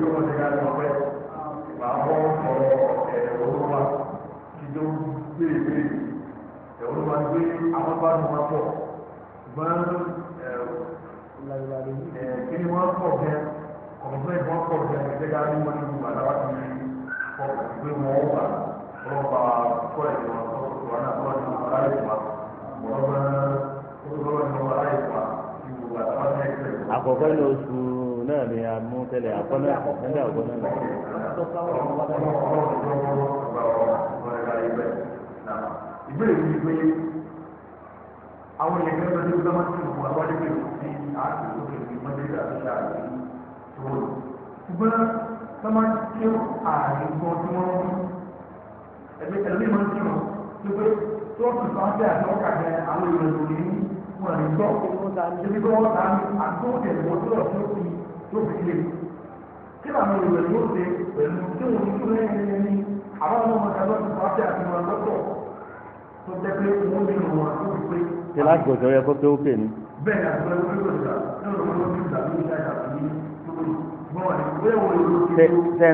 tí wọ́n ti ká lọ pẹ́ máa bọ́ ọ̀rọ̀ ẹ̀rọ wa kí ló gbé ìwé ẹ̀rọ wa gbé àwọn bá nu wa pọ̀ ṣùgbọ́n kí ni wọ́n pọ̀ jẹ́ kọ̀ọ̀fẹ́ ìbọn pọ̀ jẹ́ ẹgbẹ́ ká ló wọ́n ní ìgbà láwa ti pọ̀ pé wọ́n wà rọ́bà kọ́ náà ni a mú tẹ́lẹ̀ àkọ́nà nígbà àkọ́nà náà. ìbéèrè mi pé àwọn èèyàn kan lọ sí ọjọ́ máa ń tẹ̀lé fún àwọn àdébẹ̀ sí àti òkè ní mọ́tẹ́lẹ̀ àti ṣáàlì tó lò. ṣùgbọ́n wọ́n máa ń ké ààrin kan tí wọ́n ń ẹgbẹ́ ẹ̀mí máa ń ké wọn tó pé tí wọ́n fi fàájì àti ọkà jẹ àwọn èèyàn lò ní wọn àìgbọ́. ṣé bí wọ́n ta ni àtúntò ìwọ́n tó lọ fún ti yóò fi lé kí làwọn olùwẹ̀ yóò ṣe pẹ̀lú tí wọn ojú rẹ̀ ń yẹn ní àwọn ọmọ ọmọdé lọ́sùn pàṣẹ àti wọn lọ́tọ̀ tó jẹ́ pé wọ́n nínú wọn tó fi pé. kí lágbọ̀dọ̀ yẹ kó tó pè ní. bẹ́ẹ̀ ni àgbẹ̀ wọn yóò gbà nínú wọn ló ti gbà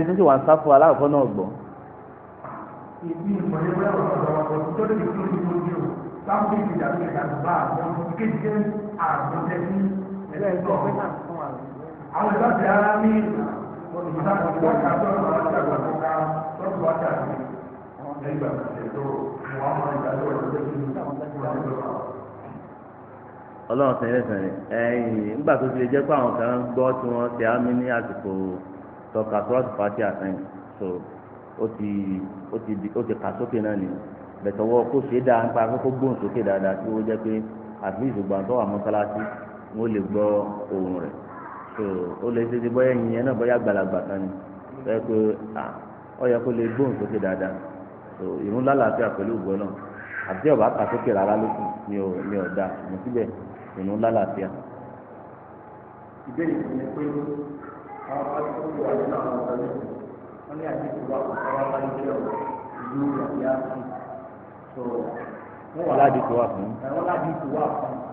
tó ń sáfù aláàfọ́ náà gbọ́. ìdí ìmọ̀lẹ́ wẹ́rẹ́ ọ̀sán ọ̀sán tó lè fi lórí ìdíje o láwọn bí ìdíje àti ìdàgbà náà fún àwọn ìlú àwọn ìgbà tí a ní olùmọ̀tà kan tó wákà tó lọ́wọ́ àti àgbà tó ká lọ́wọ́ wákà sí ẹgbà tó wọ́n máa ń gbàgbọ́ ìgbàgbọ́ ìgbàgbọ́ ọlọ́run sẹ́yìn sẹ́yìn ẹ̀yìn nígbà tó ti lè jẹ́ pé àwọn kan ń gbọ́ tí wọ́n ṣe àmì ní àsìkò tọ́ka tọ́ọ̀tù pàtì àtẹ̀yìn so ó ti ó ti ó ti kà sókè náà nìyẹn bẹ̀tọ̀wọ́ kó ṣe dáa nípa akókó gbóhùn sókè dáadáa tí ó jẹ́ pé àbí ìṣògbà tó wà mọ́sálásí wọ́n lè gbọ́ ohùn rẹ̀. tó o lè ṣe ti bọ́yá ẹ̀yìn yẹn náà bọ́yá àgbàlagbà kan ni tó yẹ pé ọ yẹ kó lè gbóhùn sókè dáadáa tó ìrún lálàáfíà pẹ̀lú náà sókè rárá lókù ni ò ni da mo síbẹ̀ ìrún lálàáfíà. ìbéèrè ti ní pé àwọn pásítọ̀ tó wà nínú àwọn ọ̀sán lẹ́sìn wọ́n ní àdéhùn wa kò ìlú ìyá sí. wà ládìí tó wà fún.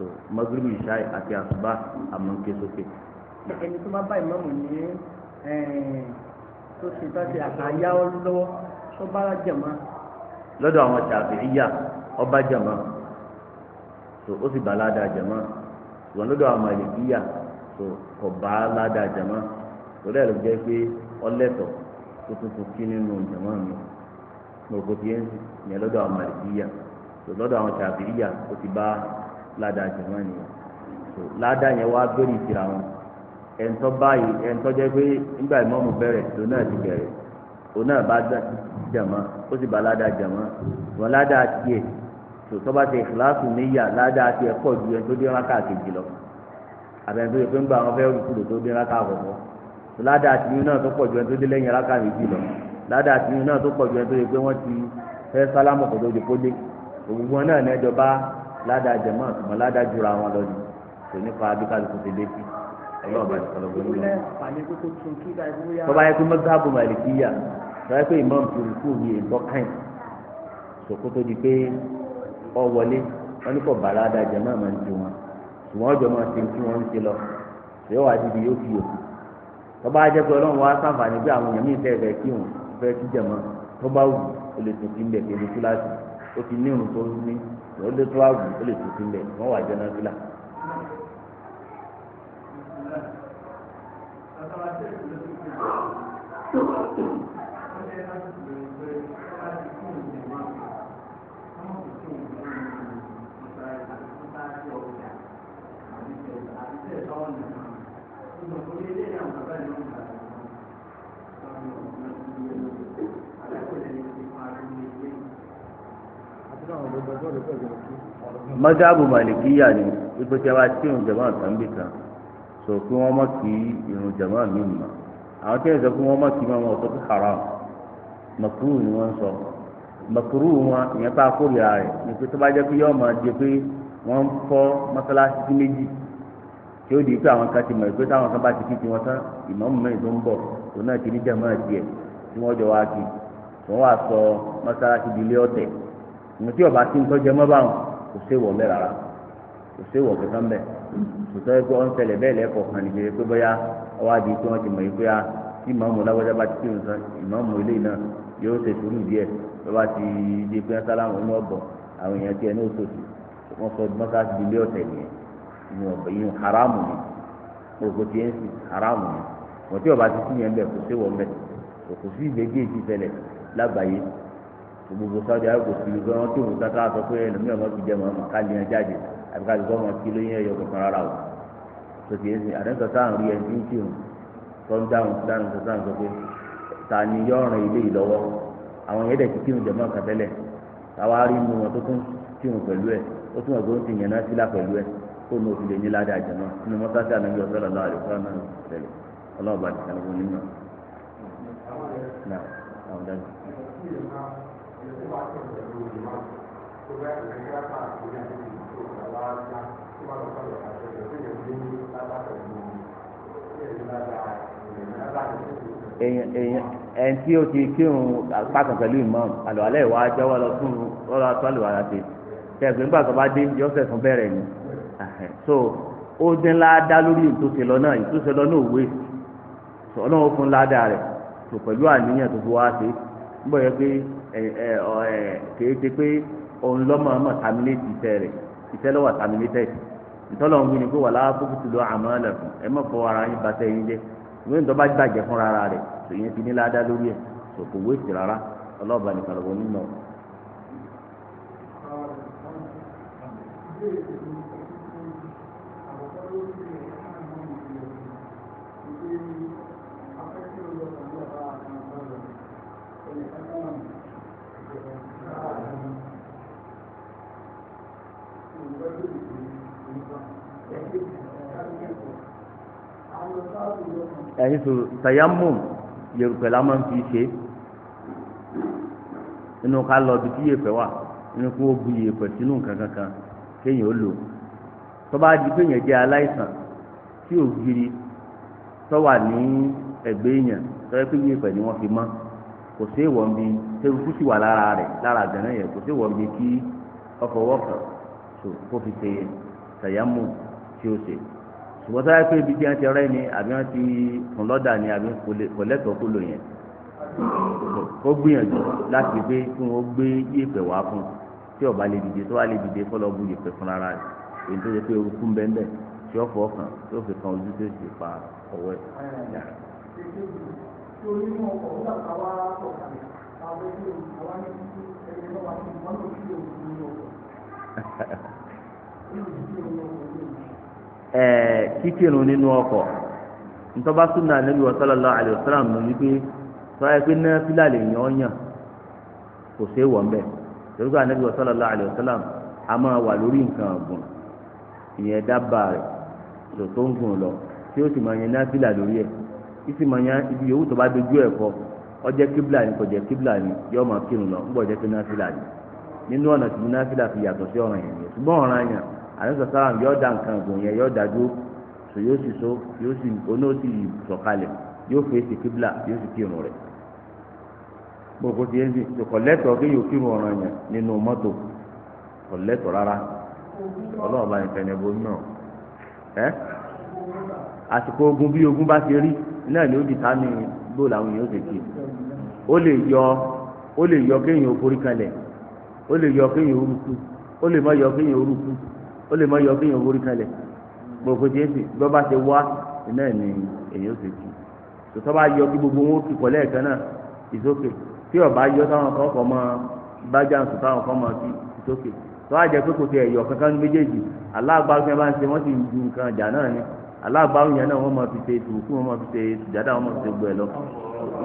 to magrebi ṣáì àti àsùbá àmọ́ ké ẹni tó bá bá ìmọ̀mù ní tó ṣe ṣe lọ́wọ́ tó bá lọ́dọ̀ àwọn ọba jàmá so ó sì bá ládàá jàmá ṣùgbọ́n lọ́dọ̀ àwọn bá ládàá ló jẹ́ pé ọlẹ́tọ̀ tó tuntun kí nínú mi mo kò tiẹ̀ ń àwọn lọ́dọ̀ àwọn ó ti ládàá jùmọ̀ nìyẹn so ládàá yẹn wá gbé nìtìrà wọn ẹ̀ńtọ́ báyìí ẹ̀ńtọ́ jẹ́ pé nígbà ìmọ̀mù bẹ̀rẹ̀ tó náà ti bẹ̀rẹ̀ òun náà bá jàmọ́ ó sì bá ládàá jàmọ́ wọn ládàá tiẹ̀ tó tọ́ba ti ìfìlàsù níyà ládàá tiẹ̀ pọ̀ ju ẹni tó dín rákà kejì lọ àbẹ̀ntó yẹ pé ńgbà wọn fẹ́ rúkúrò tó dín rákà àkọ́kọ́ tó ládàá tiyín náà tó pọ̀ ju ẹni tó dín lẹ́yìn rákà méjì lọ ládàá tiyín náà tó pọ̀ ju ẹni tó yẹ pé wọ́n ti fẹ́ sálámù kò tó di kólé òwúgbọ́n náà ní ẹjọ́ bá ládàá jẹmọ àtùmọ ládàá jura wọn lọ ni kò nípa abíkálukú ti dé sí ọlọ́ọ̀bá ti sọ̀rọ̀ gbogbo wọn. tọ́ba yẹ kó mọ́tàbù màlìkíyà tọ́ba yẹ kó ìmọ̀n pùrùkù yìí ètò káyìn sòkòtò di pé ọ wọlé wọn ní kò bá ládàá jẹmọ àmọ́ ní tiwọn ṣùgbọ́n ọjọ́ máa ti ń tí wọ́n ń ti lọ ṣèyọ́ wá dìde yóò fi yòókù tọ́ba ajẹ́ pé ọlọ́run wá sáǹfààní bí àwọn èèyàn míì fẹ́ kí wọn fẹ́ kí jẹ̀mọ́ tọ́ba wù ó lè tún fi ń bẹ̀ kéde kíláàsì ó ti ní òun tó ní ó lé tó àgùn ó lè tó sílẹ̀ wọ́n wà jẹ́ náà fílà. mọ́sáàbù màlìkíyà ni ipò tí a bá tí ìrùn jẹ̀mọ́ kan bì kan sọ pé wọ́n mọ̀ kí ìrùn jẹ̀mọ́ mi mọ̀ àwọn tí wọ́n sọ pé wọ́n mọ̀ kí wọ́n sọ pé haram makuru ni wọ́n sọ makuru wọn ìyẹn bá kórìíra rẹ̀ ni pé tó bá jẹ́ pé yọ́ọ́ máa jẹ pé wọ́n ń mọ́sálásí sí méjì tí ó di pé àwọn kan ti mọ̀ pé táwọn kan bá ti tán mẹ́rin tó ń bọ̀ náà ti ní jẹ̀mọ́ àti ẹ̀ tí wọ́n jọ ìmọ̀ tí ọba ti ń tọ́jú ẹmọ́ báwọn kò ṣe wọ̀ bẹ́ẹ̀ rárá kò ṣe wọ̀ kankan bẹ́ẹ̀ tòótọ́ pé wọ́n ń tẹ̀lé bẹ́ẹ̀ lẹ́kọ̀ọ́ kan nìkejì pé bóyá ọwọ́ adi tí wọ́n ti mọ̀ yìí pé tí ìmọ̀ọ́mù lágbájá bá ti kí nǹkan ìmọ̀ọ́mù ilé náà yóò ṣe sùúrù díẹ̀ tó bá ti di pé sálámù inú àwọn ni òkò tiẹ̀ ń ni wọ́n tí ọba ti kí yẹn bẹ̀ kò ṣe wọ̀ mẹ́ òkò sí ìgbẹ́jì ìtìsẹ̀lẹ̀ gbogbo sáwọ́dì arábò fi gbé wọn tó wùtá ká sọ pé ẹlòmíràn wọn fi jẹ mọ́ ọmọ káàlì yẹn jáde àbí ká lùkọ́ wọn kí lóyún ẹ̀yọ kankan rárá o tòtí ẹ̀ sìn àdéhùn sọ́sá rí ẹni tí ń tì hùn tó kan táwa rí inú wọn tó tún ó tún ti yẹn náà sílá 也不把这个路你嘛，就在人家那里面就把拉家，就把老板来说，有这个原因，大家很努力，谢谢大家，你们大家辛苦。èyàn èyàn ẹn tí ó ti kírun pàtàkì pẹ̀lú ìmọ̀ àlọ́ alẹ́ ìwà jẹ́wọ́ lọ fún ọlọ́ àtọ́lù ara ti tẹ̀gbẹ́ nígbà tó bá dé yọ́sẹ̀ fún bẹ̀rẹ̀ ni so ó dín láàdá lórí ìtòsí lọ náà ìtòsí lọ náà òwe ọlọ́run fún láàdá rẹ̀ pẹ̀lú àníyàn tó fi wá sí nígbà yẹn pé e ṣe pé òun lọ́mọ ọmọ terminate iṣẹ́ rẹ̀ iṣẹ́ lọ́wọ́ terminated ntọ́lọ̀ ń wí ni pé wà láwọn bókútù lọ àmọ́ ẹlẹ́kùn ẹ mọ̀ fọ́ ara yín bá sẹ́yìn jẹ́ ìwé ìtọ́ gbàjẹ́ ara rẹ̀ tòyẹn ti ní ládá lórí ẹ̀ rárá àyíṣò tayammum yèrùpẹ̀ la máa ń fi ṣe inú ká lọ bí tí yèèpẹ̀ wà inú kó bu yèèpẹ̀ sínú nǹkan kankan kéèyàn ó lò tó di pé jẹ́ aláìsàn tí ògiri tó wà ní ẹ̀gbẹ́ èèyàn tó yẹ pé yèèpẹ̀ ni wọ́n fi mọ́ kò sí ìwọ̀n bí tẹ́lifù sì wà lára rẹ̀ lára àgbẹ̀rẹ̀ yẹn kò sí ìwọ̀n bí kí ọkọ̀ wọ́pọ̀ kó fi ṣe tayammum tí ó ṣe ṣùgbọ́n sáyà pé ibi tí wọ́n ti rẹ́ ni àbí wọ́n ti kùn lọ́dà ni àbí kò lẹ́tọ̀ọ́ kó lò yẹn kó gbìyànjú láti pé kí wọ́n gbé yèèpẹ̀ wá fún tí ọba lè dìde tó wà lè dìde kó lọ bu yèèpẹ̀ fún ara rẹ̀ èyí tó ṣe pé orúkú ń bẹ́ẹ̀ tí ó fọ́ kàn tí ó fi kan ojú tó sì pa ọwọ́ ẹ̀ ẹ̀ẹ́ kíkìrun nínú ọkọ ntọ́ba súnà níbi sallallahu alaihi wasallam ní wípé tọ́lá yẹ pé náfìlà lè yàn ọ́ kò sí wọ̀ mbẹ́ torí pé ànábi sallallahu alaihi a máa wà lórí nǹkan ìyẹn dábàá rẹ̀ tó ń gùn lọ tí ó sì máa yan náfìlà lórí ẹ̀ ìsì máa yan ibi yòówù tó bá dojú ẹ̀ ọjẹ́ ni kò jẹ́ ni yóò máa kírun lọ jẹ́ pé ni nínú ọ̀nà àyẹ̀sọ̀ yóò da nǹkan yẹn yóò da sọ yóò sì so yóò sì oní ó sì yóò fèé kíbla yóò sì kírun rẹ̀ gbogbo ti yẹn sì so kọ̀lẹ́tọ̀ kí yóò kírun ọ̀ràn yẹn nínú mọ́tò kọ̀lẹ́tọ̀ rárá ọlọ́ọ̀bá ìfẹ̀nẹ̀bọ náà àsìkò ogun bí ogun bá ti rí náà ni ó di sáà ní làwọn ó lè yọ ó lè yọ kéèyàn ó forí ó lè yọ kéèyàn ó rúkú ó lè ó lè mọ yọ bí yẹn forí kalẹ̀ gbogbo jésì bí wọ́n bá ṣe wá iná ẹ̀ ní èyàn ṣe kì tòtọ́ bá yọ kí gbogbo wọn ó kì pọ̀lẹ́ ẹ̀kan náà ìsókè tí ọba yọ táwọn kan kọ́ mọ́ bájàǹsì táwọn kan mọ́ sí ìsókè tó wá pé kò ti ẹ̀yọ̀ kankan méjèèjì aláàgbáwò yẹn bá ń ṣe wọ́n sì ju nǹkan ìjà náà ni aláàgbáwò yẹn náà wọ́n máa fi ṣe tùkú wọ́n máa fi ṣe ìjàdá wọ́n máa fi ṣe gbọ́ ẹ̀ lọ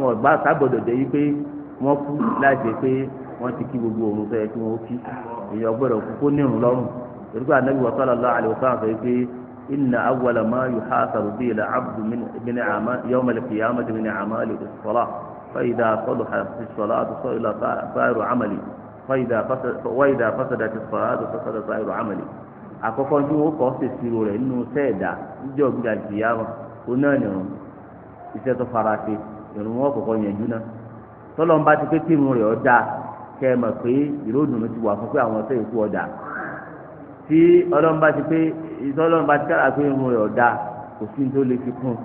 wọn gbá ságbọ̀dọ̀ jẹ́ yí pé wọ́n kú láì ṣe pé wọ́n ti kí gbogbo òun tó kí wọ́n ó kí èèyàn gbọ́dọ̀ kú kó ní ìrùn lọ́rùn torí pé anabi wa sallallahu alayhi wa sallam sọ pé inna awwala ma yuhasabu bihi la abdu min ama yawma al-qiyamati min amali as-salah fa idha salahat as-salatu sa'ila sa'iru amali fa idha fasadat as-salatu fasada sa'iru amali àkọ́kọ́ tí wọ́n kọ́ ṣe ìṣirò rẹ̀ nínú sẹ́ẹ̀dá níjọ́ gbígbà ìyá wọn òun náà nìrun iṣẹ́ tó fara ṣe ìrun wọn kọ̀kọ́ yẹnjú náà ti pé kírun rẹ̀ ọ̀dà kẹ́ ẹ mọ̀ pé ìròdùnú ti wà fún pé àwọn ṣe ìkú ọ̀dà tí ọlọ́run bá ti pé ìtọ́lọ́run bá ti kára pé irun rẹ̀ ọ̀dà kò sí tó lè fi kún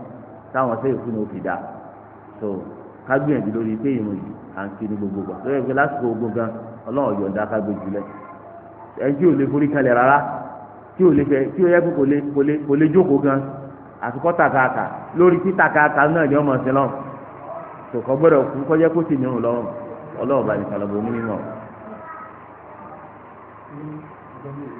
táwọn sẹ́yìn fún òfin dà so kágbìyànjú lórí pé irun yìí à ń kí ní gbogbo gbà lórí ẹgbẹ́ lásìkò ogun gan ọlọ́run yọ̀ǹda kágbé jùlẹ̀ ẹni tí ò lè forí kalẹ̀ rárá tí ò lè fẹ́ tí ó yẹ kó kò lè kò lè kò lè jókòó gan àsìkò tàkàkà lórí tí tàkàkà náà ni ọmọ sí lọ́run tòkọ́ gbọ́dọ̀ kú kọjá kó sì nírun lọ́rùn ní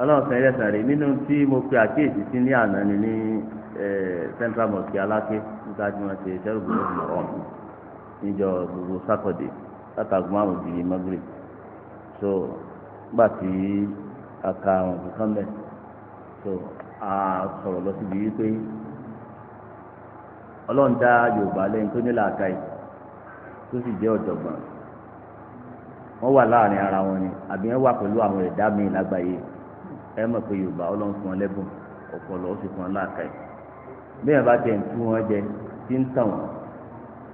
ọlọ́run sẹ́yìn lẹ́sàn rẹ̀ nínú tí mo pe àkíyèsí sí ní àná ni ní central mosque alake nke tí wọ́n ṣe sẹ́rùbù ọ̀hún gbogbo sátọ̀dé látàgùn márùn-ún so gbà tí a ka so a sọ̀rọ̀ lọ síbi wípé ọlọ́run yorùbá lẹ́yìn tó ní tó sì jẹ́ ọ̀jọ̀gbọ́n. wọ́n wà láàrin ara wọn ni àbí wọ́n wà pẹ̀lú àwọn ẹ̀dá míì lágbàáyé ẹ mọ̀ pé yorùbá ọlọ́run fún wọn lẹ́bùn ọ̀pọ̀lọ́ ó sì fún wọn láàka ẹ̀ bẹ́ẹ̀ bá tẹ̀ ń wọn jẹ tí ń tàn wọn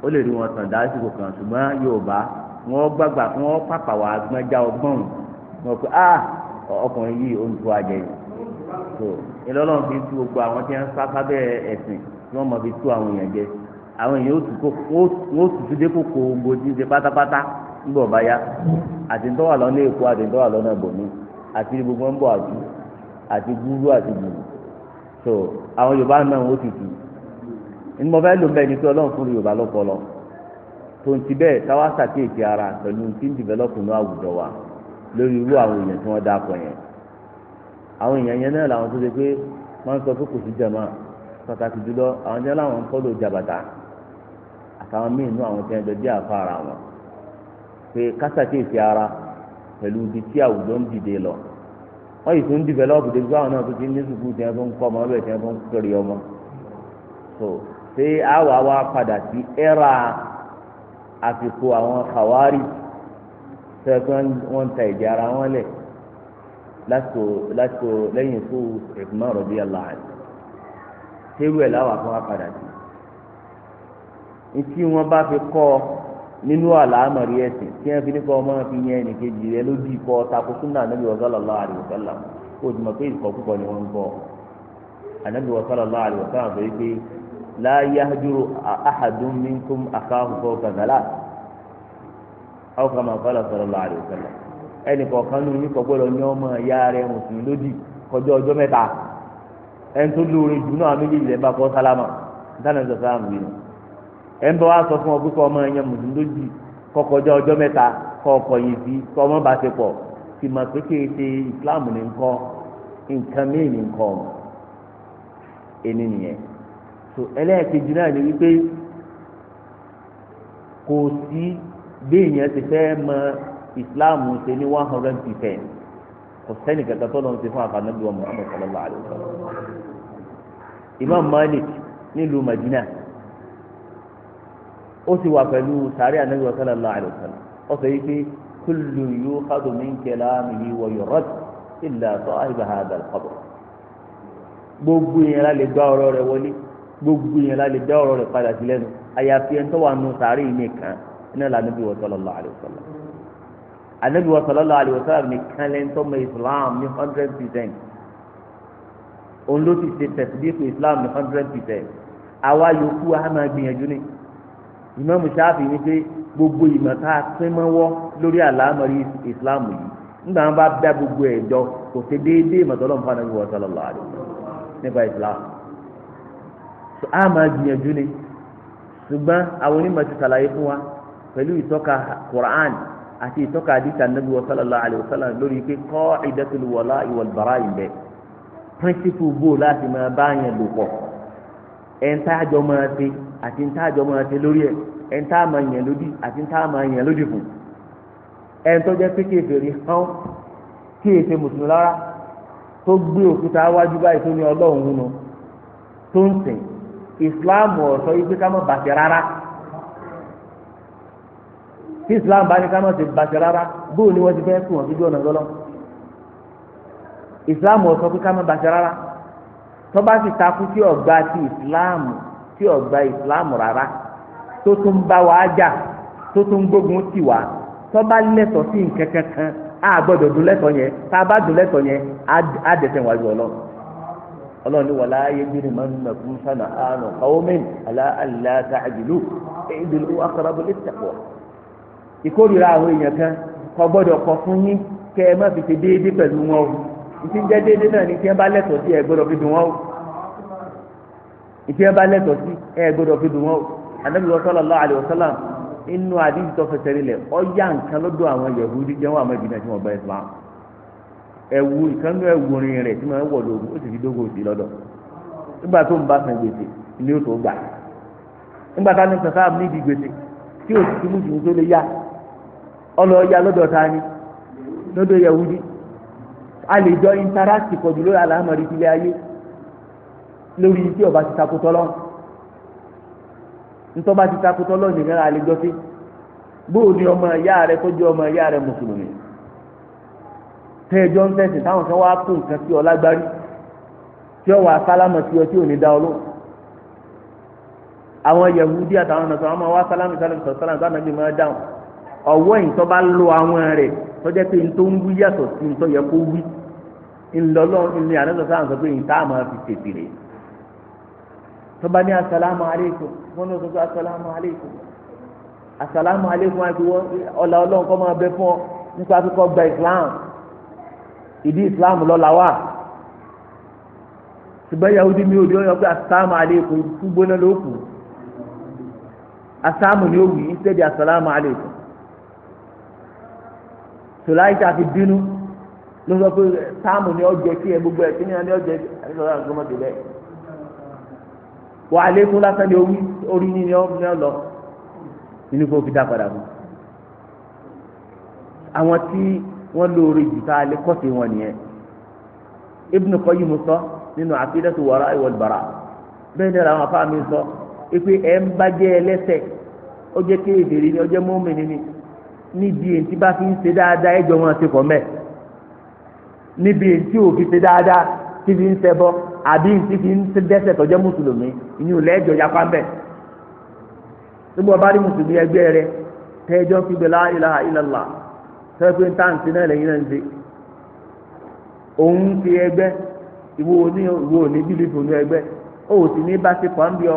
ó lè rí wọn tàn dá àsìkò kan ṣùgbọ́n yorùbá wọn gbàgbà wọn pàpà wà gbọ́njá ọgbọ́n wọn pé ah ọkùnrin yìí ó ń tú ajẹ yìí tó ìlọ́lọ́run fi tú gbogbo àwọn tí wọ́n ń sáfá bẹ́ẹ̀ ẹ̀sìn tí wọ́n mọ̀ fi tú àwọn èèyàn jẹ àwọn èèyàn ó tù dé kókó gbòdì nígbà ọba yá àti ń tọ́wà lọ́nà èkó àti ń tọ́wà lọ́nà ìbòmí àti gbogbo ń bọ̀ àti àti gbúrú àti gbùrù so àwọn yorùbá náà ó ti tù ní mo fẹ́ lò bẹ́ẹ̀ ni pé ọlọ́run fún yorùbá lọ́pọlọ tó ń ti bẹ́ẹ̀ táwa ṣàkíyèsí ara pẹ̀lú tí ń dìvẹ́lọ́pù ní àwùjọ wa lórí irú àwọn èèyàn tí wọ́n dákọ̀ yẹn àwọn èèyàn yẹn náà làwọn tó ṣe pé wọ́n ń sọ pé kò sí jàmá pàtàkì jùlọ àwọn jẹ́ láwọn ń fọ́lò jàbàtà àtàwọn míì nú àwọn tí wọ́n jọ bí àfa ara wọn pé kásàkéèsì ara pẹ̀lú ibi tí àwùjọ ń dìde lọ wọ́n yìí tó ń dìvẹ́lọ́pù débi báwọn náà tó ti ní sùkúù tí wọ́n tó ń kọ́ ọmọ ọbẹ̀ wọ́n tó ń kéré ọmọ so ṣé àwa wa padà sí ẹ́rà àsìkò àwọn kàwárì tẹ́ pé wọ́n ń ta ìdí ara wọn lẹ̀ lásìkò lásìkò lẹ́yìn ikú ìfúnná rọ̀bí aláàánú ṣé irú ẹ̀ fún wa padà sí ní tí wọ́n bá fi kọ́ ọ. nínú ala ẹ̀sìn tí wọ́n fi ní kọ́ ọmọ fi yẹn ẹnìkejì rẹ ló di kọ́ tako súnà ànábì sallallahu alaihi wasallam kó o ti mọ̀ pé ìkọ̀kúkọ̀ ni wọ́n ń kọ́ ànábì sallallahu alaihi wasallam sọ pé la a ahadun minkum akahu fawqa thalath kama ẹnì ní ọmọ mùsùlùmí ẹni tó lóore jù náà ẹ̀ ń bọ́ wá sọ fún ọ pé kọ́ ọmọ ẹ̀yàn mùsùlùmí kọkọjá ọjọ́ mẹ́ta kọ́ ọkọ̀ yìí sí kọ́ ọmọ bá ti pọ̀ sì mọ̀ pé kí ṣe ìsìláàmù ní nǹkan nǹkan míì ní nǹkan ọ̀mù ẹni nìyẹn so ẹlẹ́ẹ̀kejì náà ni wípé kò sí bí èèyàn ti fẹ́ mọ ìsìláàmù ṣe ní one hundred percent kò sẹ́ni kankan tó lọ́n ti fún àfààní bí wọn Muhammad sallallahu alayhi Imam Malik nílùú Madina ó ti wà pẹ̀lú sàárẹ̀ anabi sallallahu alaihi wasallam ó sọ yìí pé kullu yukhadhu min kalamihi wa yurad illa sahiba hadha al-qabr gbogbo yẹn la lè gbá ọ̀rọ̀ rẹ̀ wọlé gbogbo yẹn la lè dá ọ̀rọ̀ rẹ̀ padà sí lẹ́nu àyàfi ẹni tó wà nù sàárẹ̀ yìí nìkan iná la anabi sallallahu alaihi wasallam anabi sallallahu alaihi wasallam nìkan lẹ́ńtọ́ mọ islam ní hundred percent òun ló ti ṣe tẹ̀síbí fún islam ní hundred percent àwa yòókù a gbìyànjú ni. imamu shafi n'i pé gbogbo ìmọ̀ tá a pín mọ́wọ́ lórí àlámọ̀rí ìsìláàmù yìí nígbà wọn bá gbogbo ẹ̀ kò ṣe déédéé ìmọ̀ nípa nàbí wọ́n sọ̀rọ̀ lọ́wọ́ nípa a máa gbìyànjú ni ṣùgbọ́n àwọn onímọ̀ ti ṣàlàyé fún wa pẹ̀lú ìtọ́ka Qur'an àti ìtọ́ka àdìsá wọ́n sọ̀rọ̀ lọ́wọ́ lórí pé kọ́ àti ntá àjọ máa ṣe lórí ẹ ntá máa yàn lódì àti ntá máa yàn lódì fún ẹ tó jẹ́ pé kéferì hán kí èsè mùsùlùmí lára tó gbé òkúta wájú báyìí tó ní ọlọ́run nù tó ń sìn ìsìláàmù ọ̀sọ́ yìí pé ká má bàtẹ rárá tí ìsìláàmù bá ní ká má bàtẹ rárá bóò ni wọ́n ti fẹ́ sùn wọ́n síjú ọ̀nà lọ́lọ́ ìsìláàmù ọ̀sọ́ pé ká má bàtẹ rárá tọ́ba sì takú sí ọ̀gá ti ìsìláàmù tí ó gba ìsìláàmù rárá tó tún bá wa jà tó tún gbógun tì wá tó bá lẹ́tọ̀ọ́ sí nǹkan kankan a gbọ́dọ̀ dùn lẹ́tọ̀ọ́ yẹn tá a bá dùn lẹ́tọ̀ọ́ yẹn á dẹ̀sẹ̀ wájú ọlọ́run ọlọ́run ní wàlá ayé bí nìmọ̀ nàkún sànà àánú kàwọ́mìn àlá àlá tàjìlú ìdìlú akọ̀rọ̀bù ìtàkùn. ìkórìíra àwọn èèyàn kan kọ fún yín ẹ má fi ṣe déédéé pẹ̀lú wọn o ìtí ẹ bá lẹ́tọ̀ọ́ sí ẹ gbọ́dọ̀ fi dùn wọ́n o anabi wa sallallahu alayhi wa sallam inú àdìsí tó fẹsẹ̀ rí ọ yá nǹkan lọ́dọ̀ àwọn yahudi jẹ́ wọn àmọ́ ìdìbò tí wọ́n bá islam ẹ̀wù ìkànnì ẹ̀wù rin rẹ̀ tí wọ́n wọ̀ lóògùn ó sì fi dógò sí lọ́dọ̀ nígbà tó ń bá san gbèsè ni ó tó gbà nígbà tá a ní sàn sáà níbi gbèsè tí tó yá lórí tí ọba ti takò tọ́lọ́ ntọ́ba ti takò tọ́lọ́ nìkan àlejò bóò ni ọmọ ìyá rẹ tọ́jú ọmọ ìyá rẹ mùsùlùmí tẹ́ẹ̀jọ́ ń tẹ̀sìn táwọn kan wáá kó nǹkan sí ọ lágbárí tí ọ wà sálámà sí ọ tí ò ní dá ọ lóhùn àwọn yahudi àtàwọn ọ̀nà sọ̀rọ̀ ọmọ wa sálámù sálámù sọ̀rọ̀ sálámù sálámù bí máa dáhùn ọ̀wọ́ ìtọ́ bá lo àwọn rẹ̀ tọ́jẹ́ pé ntọ́ ń wí yàtọ̀ sí ntọ́ yẹ kó wí ńlọlọ́ ní àdánsọ̀ sálámù sọ pé ìta àmọ́ fi tètè rèé tó bá ní asalaamu aleykum wọn ní oṣooṣù asalaamu aleykum asalaamu aleykum àti wọn ọlà Ọlọ́run kọ máa bẹ fún ọ nípa akíkọ gba islam ìdí islam lọlá wa ṣùgbọ́n yahudi mi ò di ọyọ pé asalaamu aleykum tún gbóná ló kù asalaamu ni ó wù yí sẹ́di asalaamu aleykum tòláyìí tá bínú ló sọ pé sáàmù ni ọ kí ẹ gbogbo ẹ kí ni ọ kí ẹ sọ fún ọmọdé bẹ́ẹ̀ wà á lékún lásán ní orí orí ní ni ọ lọ nínú kó fi dá padà mú àwọn tí wọn lóore jù tá a lè kọ́ sí wọn nìyẹn Ibn Qayyim sọ nínú Aqidatu Wara'i wal Bara'a bẹ́ẹ̀ ni àwọn afá mi sọ pé ẹ̀ ń bàjẹ́ ẹlẹ́sẹ̀ ó kéèdèrè ni ó jẹ́ ni níbi èntì bá fi ń ṣe dáadáa ẹjọ́ wọn ṣe kọ́ mẹ́ níbi èntì ò fi ṣe dáadáa tí fi ń ṣẹbọ àbí tí fi ń dẹ́ṣẹ̀ tó jẹ́ mùsùlùmí ìyún lẹ́jọ́ yapa ń tí nígbà bá rí mùsùlùmí ẹgbẹ́ rẹ tẹ́jọ́ fi gbẹ̀lá ilaha illallah sẹ́pẹ́ táǹtì náà lẹ́yìn náà ń ṣe. òun ẹgbẹ́ ìwọ ìwọ ó sì ní ń bi ó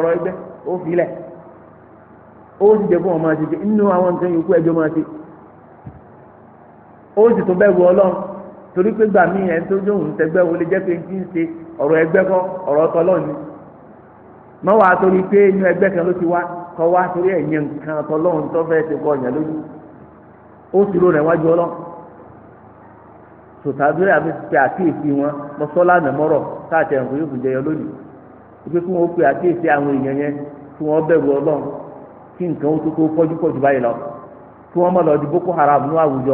ó sì fún ṣe àwọn nǹkan yòókù torí pé gbà mí ẹni tó dóhùn tẹgbẹ́ wo lè jẹ́ pé ti ń ṣe ọ̀rọ̀ ẹgbẹ́ kọ́ ọ̀rọ̀ tọ́lọ́ ni mọ́ wàá torí pé inú ẹgbẹ́ kan ló ti wá kọ́ wá torí ẹ̀yẹ nǹkan tọ́lọ́hún tó fẹ́ ti kọ́ ọ̀yàn lójú ó sì rò rẹ̀ wájú ọlọ́ sòtàdúrà pé àkíyèsí wọn Boko Haram ní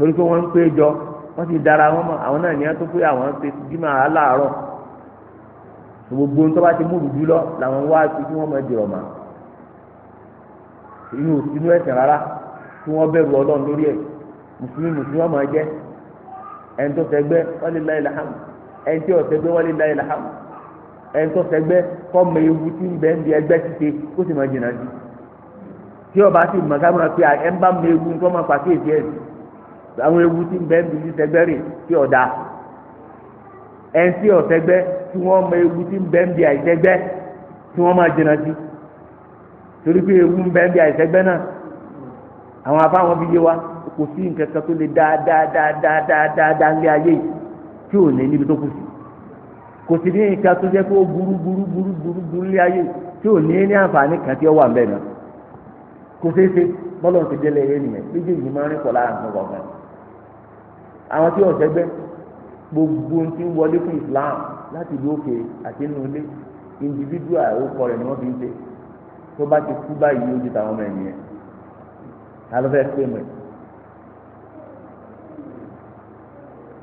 torí pé wọ́n ń pé jọ wọ́n ti dara wọn mọ́ àwọn náà ní ẹ́ tó pé àwọn ń pe jimá aláàárọ̀ gbogbo ń tó bá ti mú dùdú lọ làwọn wá sí kí wọ́n mọ̀ dìrọ̀ mọ́ inú òsínú ẹ̀sìn rárá kí wọ́n bẹ̀rù ọlọ́run lórí ẹ̀ mùsùlùmí mùsùlùmí ọmọ ẹ̀jẹ̀ ẹni tó sẹgbẹ́ wọ́n lè láyé làhámù ẹni tí ọ̀sẹ̀gbẹ́ wọ́n lè láyé làhámù ẹni tó sẹgbẹ́ kọ́ mọ ewu tí ń bẹ́ẹ̀ ń di ẹgbẹ́ ti ṣe kó sì máa jìnnà sí tí ọba sì mọ̀ ká máa pe ẹ ń bá mọ ewu tó máa pàṣẹ ìdí ẹ̀sìn àwọn ewu tí ń bẹ níbi tí sẹgbẹ́ rè tí ọ̀dà tí ọ̀sẹ̀gbẹ́ tí wọ́n mọ ewu tí ń bẹ níbi tí wọn máa jìnnà sí torí pé ewu ń bẹ níbi na náà àwọn afáwọn fi yé wa kò sí nǹkan kan tó lè dáadáadáadáadáa ní ayé yìí tí ò ní níbi tó kù sí kò sí ní nǹkan tó jẹ́ pé ó burú burú burú burú burú ní ayé tí ò ní ní àǹfààní kan tí ó wà ń àwọn tí ọ̀sẹ̀ gbẹ́ gbogbo ohun tí ń wọlé fún Islam láti ìlú òkè àti inú ilé individual orúkọ rẹ̀ ni wọ́n fi ń ṣe tó bá ti kú báyìí ojú tàwọn ọmọ ẹ̀yìn yẹn ta ló fẹ́ claim ẹ̀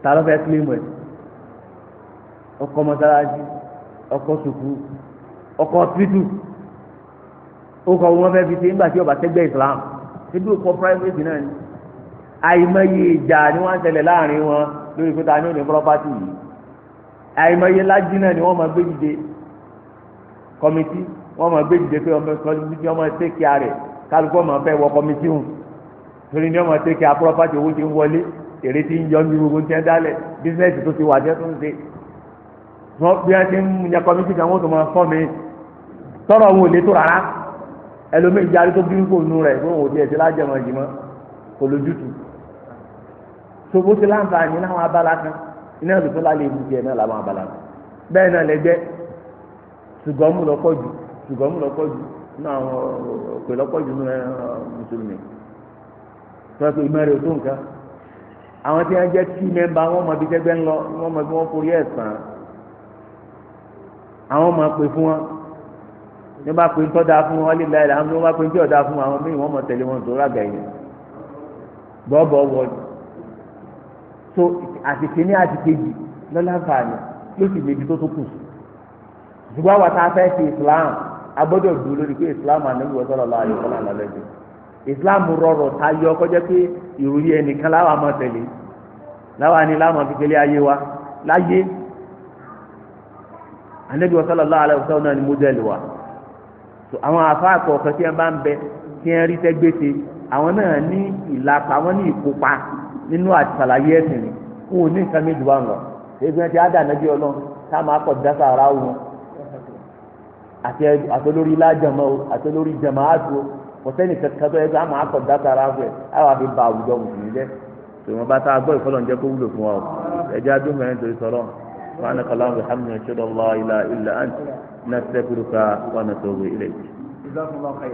ta ló fẹ́ claim ẹ̀ ọkọ̀ mọ́sálásí ọkọ̀ sùkú ọkọ̀ títù orúkọ wọn fẹ́ fi ṣe nígbà tí ọba tẹ́gbẹ́ Islam ṣé bí orúkọ private náà ni àìmọye ìjà ni wọ́n ń tẹ̀lé láàrin wọn lórí pé ta ni ó ní pọ́pátì yìí àìmọye lájínà ni wọ́n máa gbé dìde kọ́mítì wọ́n máa gbé dìde pé ọmọ kọ́mítì ọmọ ṣèkì rẹ̀ kálukú ọmọ fẹ́ wọ kọ́mítì hùn torí ni ọmọ ṣèkì pọ́pátì owó ti ń wọlé èrè ti ń yọ ní gbogbo tiẹ̀ dálẹ̀ bísíǹsì tó ti wà jẹ́ tó ń ṣe wọ́n bí wọ́n ti ń yẹ kọ́mítì kan wọ́n tó máa fọ́ mi tọ́rọ̀ wọn ò lè tó rárá ẹlòmíì kò lójútu tó bó ti láǹfààní láwọn abala kan iná lùtọ́ la lè bùjì ẹ̀ náà làwọn abala kan bẹ́ẹ̀ náà lẹ́gbẹ́ ṣùgbọ́n mú lọ́kọ́ jù ṣùgbọ́n mú lọ́kọ́ jù nínú àwọn òpè lọ́kọ́ jù nínú mùsùlùmí tó yẹ kó ìmọ̀ rẹ̀ tó nǹkan àwọn tí wọn jẹ tíì mẹmbà wọn mọ ibi tẹgbẹ ńlọ wọn mọ ibi wọn forí ẹsàn àwọn máa pè fún wọn ní wọn bá pè ń tọ́ da fún wọn lílá ìlà àwọn tí wọn bá pè ń tí ọ̀dà fún wọn àwọn míì wọn mọ tẹ̀lé wọn tó rága yìí bọ́ọ̀bọ̀ wọ ni so àtìkè ní àtìkèjì lọ́láǹfààní ló sì méjì tó tó kù ṣùgbọ́n àwọn tá a fẹ́ fi Islam a gbọ́dọ̀ dúró lórí pé Islam ànábì wọ́n sọ̀rọ̀ lọ́wọ́ àyọ̀kọ́ náà lọ́lẹ́jọ́ Islam rọrọ̀ tá a yọ kọjá pé ìròyìn ẹnìkan láwa máa tẹ̀lé láwa ni láwọn kékeré ayé wa láyé ànábì wọ́n sọ̀rọ̀ lọ́wọ́ àyọ̀kọ́ náà ni mọ́dẹ́lì wa àwọn àfa àkọ́kọ́ tí wọ́n bá ń bẹ tí wọ́n rí tẹ́gbẹ́sẹ̀ àwọn náà ní ìlàpá wọn ní ìkópa nínú àtàlàyé ẹ̀sìn ni kó o ní nǹkan méjì wà ń lọ ebi wọn ti àdànà bí ọlọ́run tá a máa kọ̀ dáta ara wọn àti àtolórí lájàmọ́ o àtolórí jàmọ́ àti o kọ̀sẹ́nì kankan tó yẹ kó a máa kọ̀ dáta ara wọn ẹ wà fi ba àwùjọ mùsùlùmí jẹ́ tòun bá tá a gbọ́ ìfọlọ́n jẹ́ kó wúlò fún wa o ẹ̀jẹ̀ adúmọ̀ ẹ̀ torí sọ̀rọ̀ wọn kàlá wọn hàmì ṣọlọ́lá ilà ilà àǹtí náà